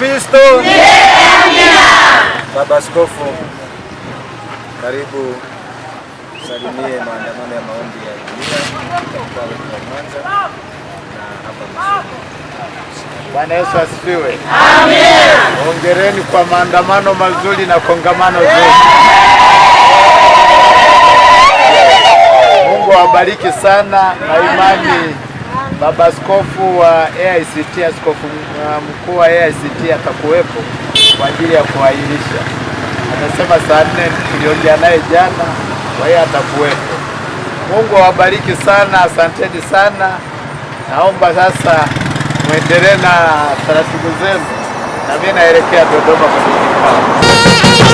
Kristo. Baba Askofu, karibu salimie maandamano ya maombi ya mkoa wetu wa Mwanza na hapa. Bwana Yesu asifiwe. Amen. Hongereni kwa maandamano mazuri na kongamano zuri. Mungu awabariki sana na imani Baba Askofu wa AICT, askofu uh, mkuu wa AICT atakuwepo kwa ajili ya kuahirisha. anasema saa nne tuliongea naye jana, kwa hiyo atakuwepo. Mungu awabariki sana, asanteni sana. Naomba sasa mwendelee na taratibu zenu, na mimi naelekea Dodoma kwa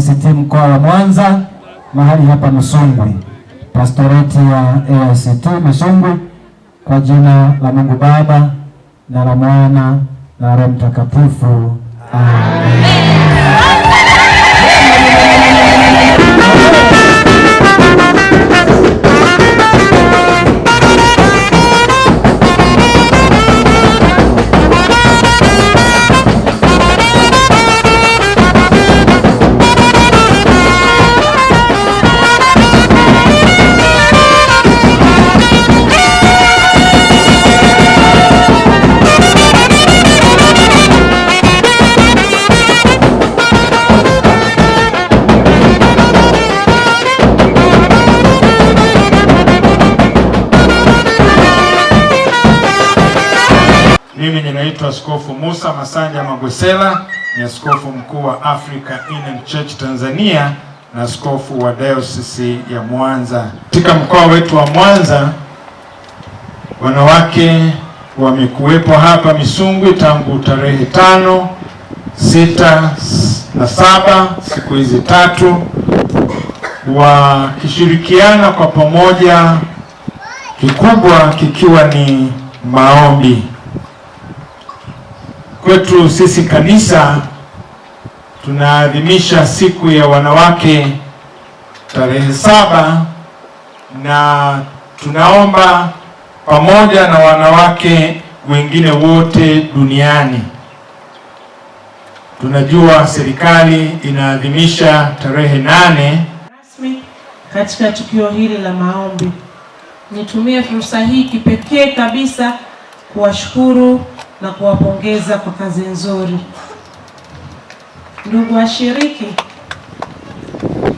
CCT mkoa wa Mwanza mahali hapa msungwi pastoreti ya AICCT Misungwi, kwa jina la Mungu Baba na la Mwana na Roho Mtakatifu, amen. Ninaitwa Askofu Musa Masanja Magwesela, ni askofu mkuu wa Africa Inner Church Tanzania na askofu wa Diocese ya Mwanza. Katika mkoa wetu wa Mwanza, wanawake wamekuwepo hapa Misungwi tangu tarehe tano, sita na saba, siku hizi tatu, wakishirikiana kwa pamoja, kikubwa kikiwa ni maombi. Kwetu sisi kanisa tunaadhimisha siku ya wanawake tarehe saba, na tunaomba pamoja na wanawake wengine wote duniani. Tunajua serikali inaadhimisha tarehe nane rasmi katika tukio hili la maombi. Nitumie fursa hii kipekee kabisa kuwashukuru na kuwapongeza kwa kazi nzuri. Ndugu washiriki,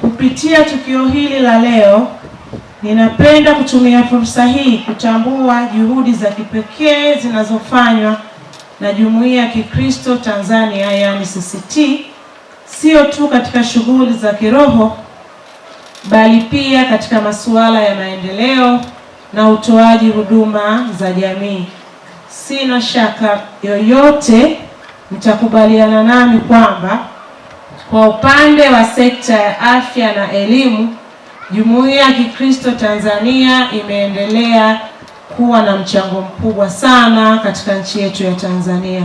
kupitia tukio hili la leo, ninapenda kutumia fursa hii kutambua juhudi za kipekee zinazofanywa na Jumuiya ya Kikristo Tanzania, yaani CCT, sio tu katika shughuli za kiroho bali pia katika masuala ya maendeleo na utoaji huduma za jamii. Sina shaka yoyote mtakubaliana nami kwamba kwa upande wa sekta ya afya na elimu, Jumuiya ya Kikristo Tanzania imeendelea kuwa na mchango mkubwa sana katika nchi yetu ya Tanzania.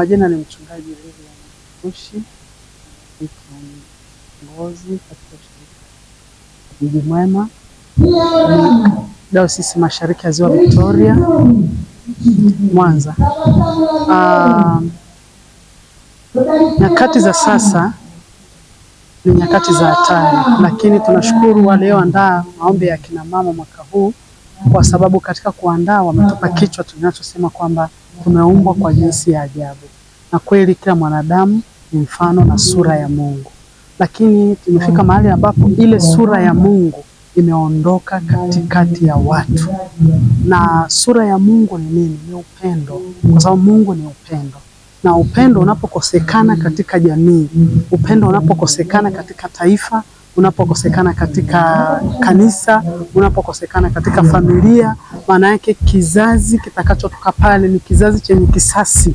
Majina ni Mchungaji Lilian Mkushi, ni kiongozi katika shirika Mji Mwema Dayosisi Mashariki ya Ziwa Victoria, Mwanza. Um, nyakati za sasa ni nyakati za hatari, lakini tunashukuru walioandaa maombi ya kina mama mwaka huu, kwa sababu katika kuandaa wametupa kichwa tunachosema kwamba Tumeumbwa kwa jinsi ya ajabu, na kweli kila mwanadamu ni mfano na sura ya Mungu, lakini tumefika mahali ambapo ile sura ya Mungu imeondoka katikati ya watu. Na sura ya Mungu ni nini? Ni upendo, kwa sababu Mungu ni upendo na upendo unapokosekana katika jamii, upendo unapokosekana katika taifa unapokosekana katika kanisa, unapokosekana katika familia, maana yake kizazi kitakachotoka pale ni kizazi chenye kisasi.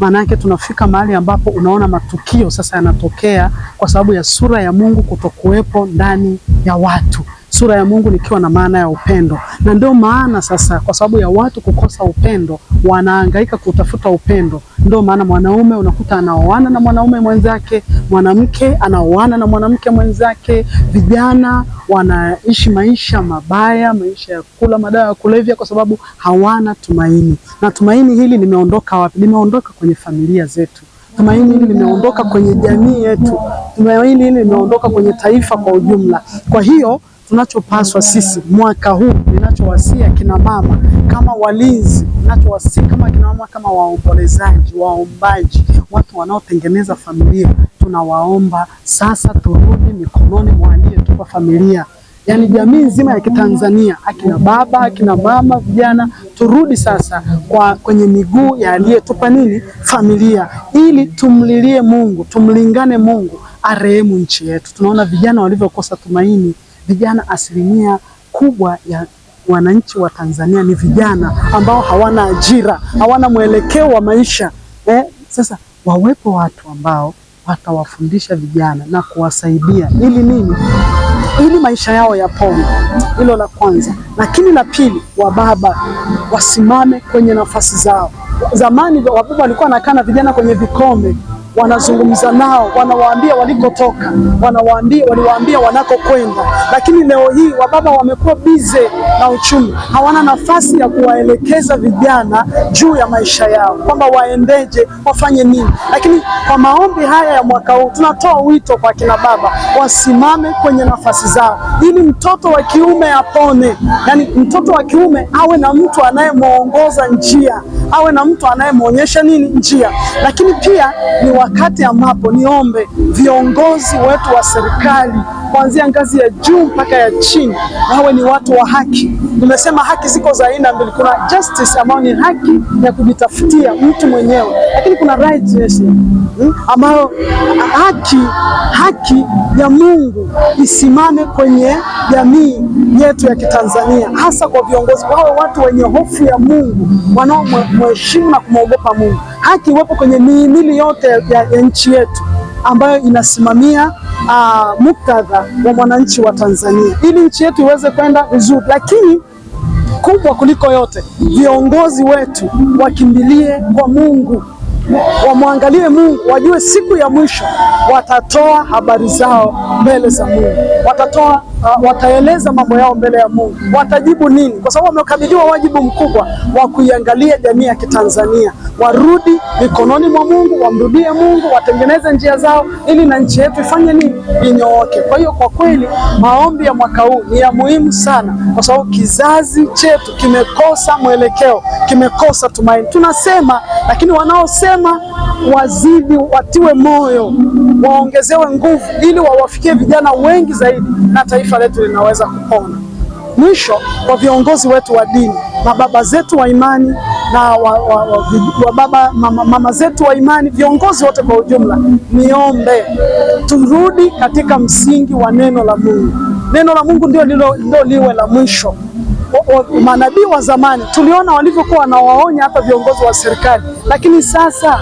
Maana yake tunafika mahali ambapo unaona matukio sasa yanatokea kwa sababu ya sura ya Mungu kutokuwepo ndani ya watu sura ya Mungu nikiwa na maana ya upendo. Na ndio maana sasa, kwa sababu ya watu kukosa upendo, wanaangaika kutafuta upendo. Ndio maana mwanaume unakuta anaoana na mwanaume mwenzake, mwanamke anaoana na mwanamke mwenzake, vijana wanaishi maisha mabaya, maisha ya kula madawa ya kulevya, kwa sababu hawana tumaini. Na tumaini hili limeondoka wapi? Limeondoka kwenye familia zetu tumaini hili limeondoka kwenye jamii yetu, tumaini hili limeondoka kwenye taifa kwa ujumla. Kwa hiyo tunachopaswa sisi mwaka huu, ninachowasia kina mama kama walinzi, ninachowasia kama kina mama, kama waombolezaji, waombaji, watu wanaotengeneza familia, tunawaomba sasa turudi mikononi mwa aliyetupa familia, yaani jamii nzima ya Kitanzania, akina baba, akina mama, vijana, turudi sasa kwa kwenye miguu ya aliyetupa nini, familia, ili tumlilie Mungu, tumlingane Mungu, arehemu nchi yetu. Tunaona vijana walivyokosa tumaini vijana, asilimia kubwa ya wananchi wa Tanzania ni vijana ambao hawana ajira, hawana mwelekeo wa maisha eh. Sasa wawepo watu ambao watawafundisha vijana na kuwasaidia ili nini? Ili maisha yao yapone. Hilo la kwanza, lakini la pili, wababa wasimame kwenye nafasi zao. Zamani wababa walikuwa wanakaa na vijana kwenye vikombe wanazungumza nao, wanawaambia walikotoka, wanawaambia waliwaambia wanakokwenda, lakini leo hii wababa wamekuwa bize na uchumi, hawana nafasi ya kuwaelekeza vijana juu ya maisha yao, kwamba waendeje, wafanye nini. Lakini kwa maombi haya ya mwaka huu tunatoa wito kwa kina baba wasimame kwenye nafasi zao, ili mtoto wa kiume apone, yani mtoto wa kiume awe na mtu anayemwongoza njia awe na mtu anayemwonyesha nini njia. Lakini pia ni wakati ambapo niombe viongozi wetu wa serikali kuanzia ngazi ya juu mpaka ya chini, na wawe ni watu wa haki. Nimesema haki ziko za aina mbili, kuna justice ambayo ni haki ya kujitafutia mtu mwenyewe, lakini kuna righteousness hmm, ambayo haki haki ya Mungu isimame kwenye jamii yetu ya Kitanzania, hasa kwa viongozi, wawe watu wenye hofu ya Mungu wanaomheshimu na kumwogopa Mungu. Haki iwepo kwenye mihimili yote ya, ya nchi yetu ambayo inasimamia uh, muktadha wa mwananchi wa Tanzania ili nchi yetu iweze kwenda vizuri, lakini kubwa kuliko yote, viongozi wetu wakimbilie kwa Mungu, wamwangalie Mungu, wajue siku ya mwisho watatoa habari zao mbele za Mungu, watatoa uh, wataeleza mambo yao mbele ya Mungu, watajibu nini? Kwa sababu wamekabidhiwa wajibu mkubwa wa kuiangalia jamii ya Kitanzania, warudi mikononi mwa Mungu, wamrudie Mungu, watengeneze njia zao, ili na nchi yetu ifanye nini? Inyooke. Kwa hiyo, kwa kweli maombi ya mwaka huu ni ya muhimu sana, kwa sababu kizazi chetu kimekosa mwelekeo, kimekosa tumaini. Tunasema, lakini wanaosema wazidi, watiwe moyo, waongezewe nguvu ili wawafikie vijana wengi zaidi, na taifa letu linaweza kupona. Mwisho, kwa viongozi wetu wa dini, mababa zetu wa imani na wa, wa, wa, wa baba mama, mama zetu wa imani, viongozi wote kwa ujumla, niombe turudi katika msingi wa neno la Mungu. Neno la Mungu ndio lilo, ndio liwe la mwisho manabii wa zamani tuliona walivyokuwa wanawaonya hata viongozi wa serikali, lakini sasa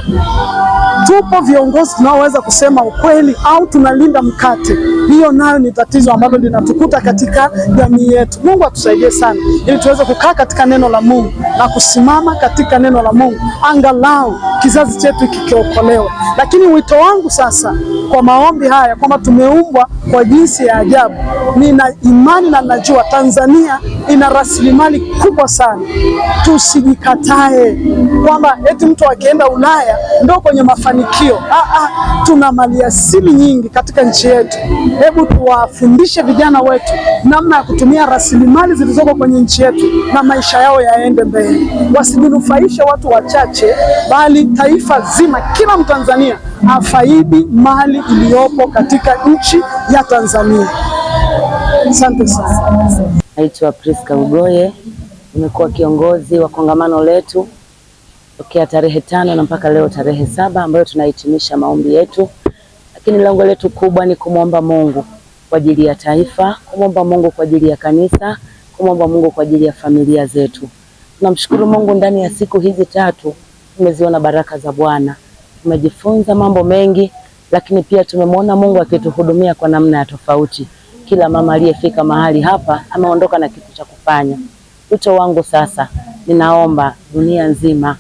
tupo viongozi tunaoweza kusema ukweli au tunalinda mkate. Hiyo nayo ni tatizo ambalo linatukuta katika jamii yetu. Mungu atusaidie sana, ili tuweze kukaa katika neno la Mungu na kusimama katika neno la Mungu, angalau kizazi chetu kikiokolewa. Lakini wito wangu sasa kwa maombi haya kwamba tumeumbwa kwa jinsi ya ajabu. Nina imani na najua Tanzania ina rasilimali kubwa sana, tusijikatae kwamba eti mtu akienda Ulaya ndo kwenye mafanikio. Ah, ah, tuna maliasili nyingi katika nchi yetu. Hebu tuwafundishe vijana wetu namna ya kutumia rasilimali zilizoko kwenye nchi yetu na maisha yao yaende mbele, wasijinufaishe watu wachache, bali taifa zima, kila Mtanzania afaidi mali iliyopo katika nchi ya Tanzania. Asante sana. Naitwa Priska Ugoye, nimekuwa kiongozi wa kongamano letu tokea tarehe tano na mpaka leo tarehe saba ambayo tunahitimisha maombi yetu, lakini lengo letu kubwa ni kumwomba Mungu kwa ajili ya taifa, kumwomba Mungu kwa ajili ya kanisa, kumwomba Mungu kwa ajili ya familia zetu. Tunamshukuru Mungu, ndani ya siku hizi tatu tumeziona baraka za Bwana tumejifunza mambo mengi, lakini pia tumemwona Mungu akituhudumia kwa namna ya tofauti. Kila mama aliyefika mahali hapa ameondoka na kitu cha kufanya. Wito wangu sasa, ninaomba dunia nzima,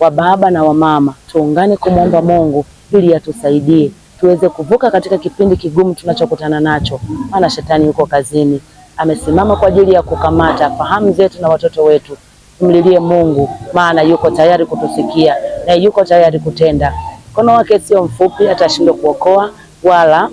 wa baba na wamama, tuungane kumwomba Mungu ili atusaidie tuweze kuvuka katika kipindi kigumu tunachokutana nacho, maana shetani yuko kazini, amesimama kwa ajili ya kukamata fahamu zetu na watoto wetu. Tumlilie Mungu, maana yuko tayari kutusikia eh, yuko tayari kutenda. Mkono wake sio mfupi, atashindwa kuokoa wala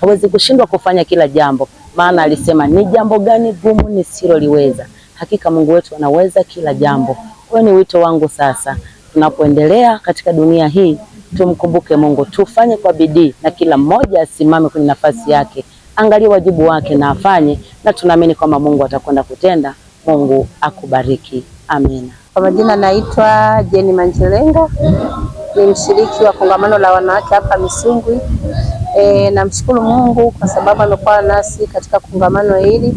hawezi kushindwa kufanya kila jambo, maana alisema, ni jambo gani gumu nisiloliweza? Hakika Mungu wetu anaweza kila jambo. Kwa ni wito wangu sasa, tunapoendelea katika dunia hii tumkumbuke Mungu, tufanye kwa bidii, na kila mmoja asimame kwenye nafasi yake, angalie wajibu wake na afanye, na tunaamini kwamba Mungu atakwenda kutenda. Mungu akubariki. Amina. Kwa majina naitwa Jeni Manjelenga, ni mshiriki wa kongamano la wanawake hapa Misungwi. E, namshukuru Mungu kwa sababu amekuwa nasi katika kongamano hili.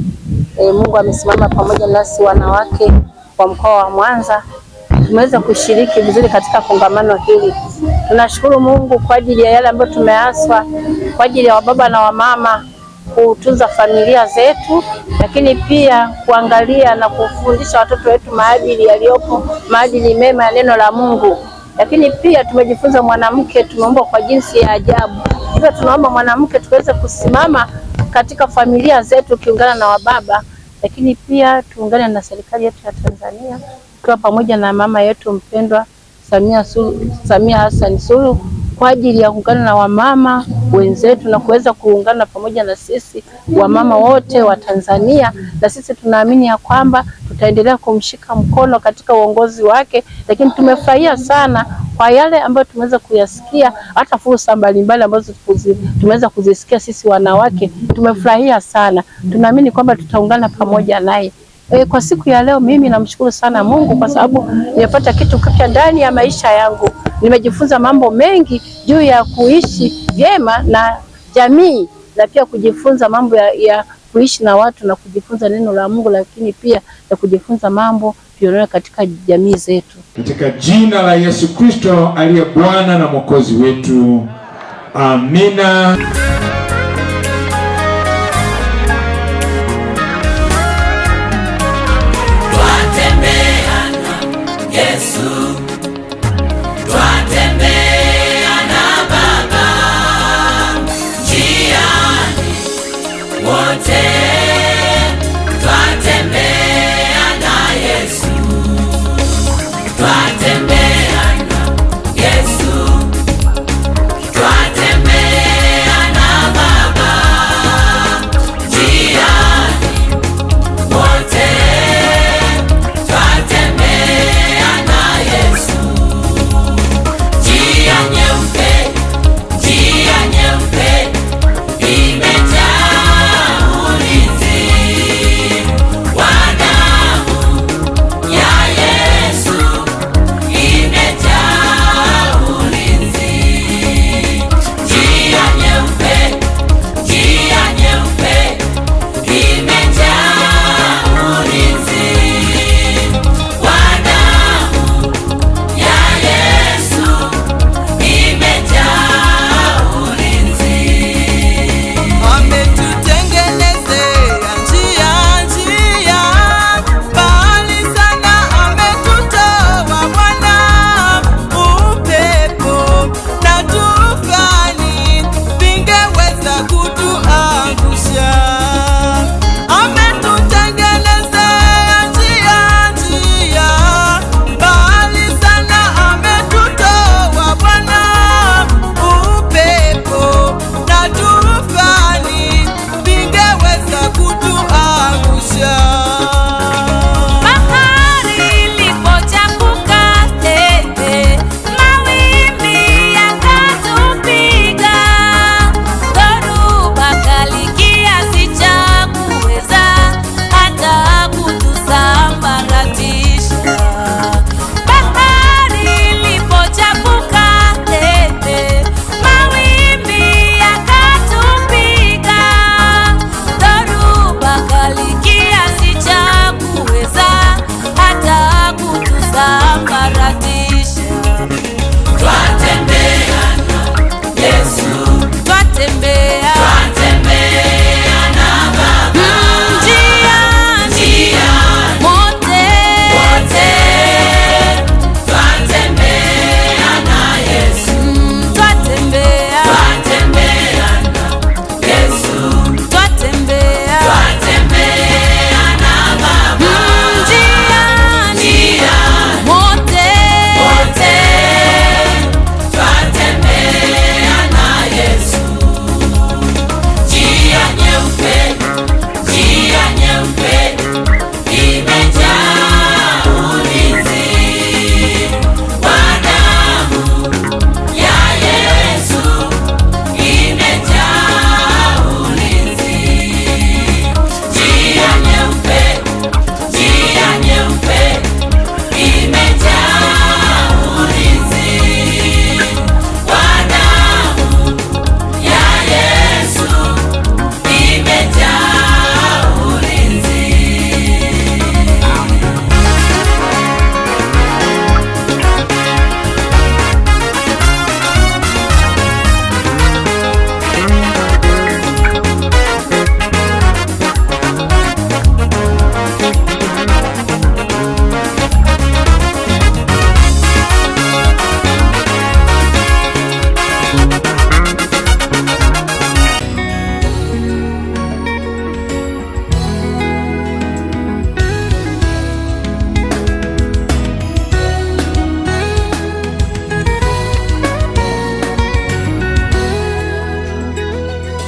E, Mungu amesimama pamoja nasi wanawake wa mkoa wa Mwanza tumeweza kushiriki vizuri katika kongamano hili. Tunashukuru Mungu kwa ajili ya yale ambayo tumeaswa kwa ajili ya wababa na wamama kutunza familia zetu, lakini pia kuangalia na kufundisha watoto wetu maadili yaliyopo, maadili mema ya neno la Mungu. Lakini pia tumejifunza mwanamke tumeumbwa kwa jinsi ya ajabu, hivyo tunaomba mwanamke tuweze kusimama katika familia zetu, kiungana na wababa, lakini pia tuungane na serikali yetu ya Tanzania, tukiwa pamoja na mama yetu mpendwa Samia Suluhu, Samia Hassan Suluhu kwa ajili ya kuungana na wamama wenzetu na kuweza kuungana pamoja na sisi wamama wote wa Tanzania, na sisi tunaamini ya kwamba tutaendelea kumshika mkono katika uongozi wake. Lakini tumefurahia sana kwa yale ambayo tumeweza kuyasikia, hata fursa mbalimbali ambazo tumeweza kuzisikia sisi wanawake, tumefurahia sana. Tunaamini kwamba tutaungana pamoja naye. E, kwa siku ya leo mimi namshukuru sana Mungu kwa sababu nimepata kitu kipya ndani ya maisha yangu nimejifunza mambo mengi juu ya kuishi vyema na jamii na pia kujifunza mambo ya, ya kuishi na watu na kujifunza neno la Mungu, lakini pia ya kujifunza mambo tunayoona katika jamii zetu. Katika jina la Yesu Kristo aliye Bwana na Mwokozi wetu, amina.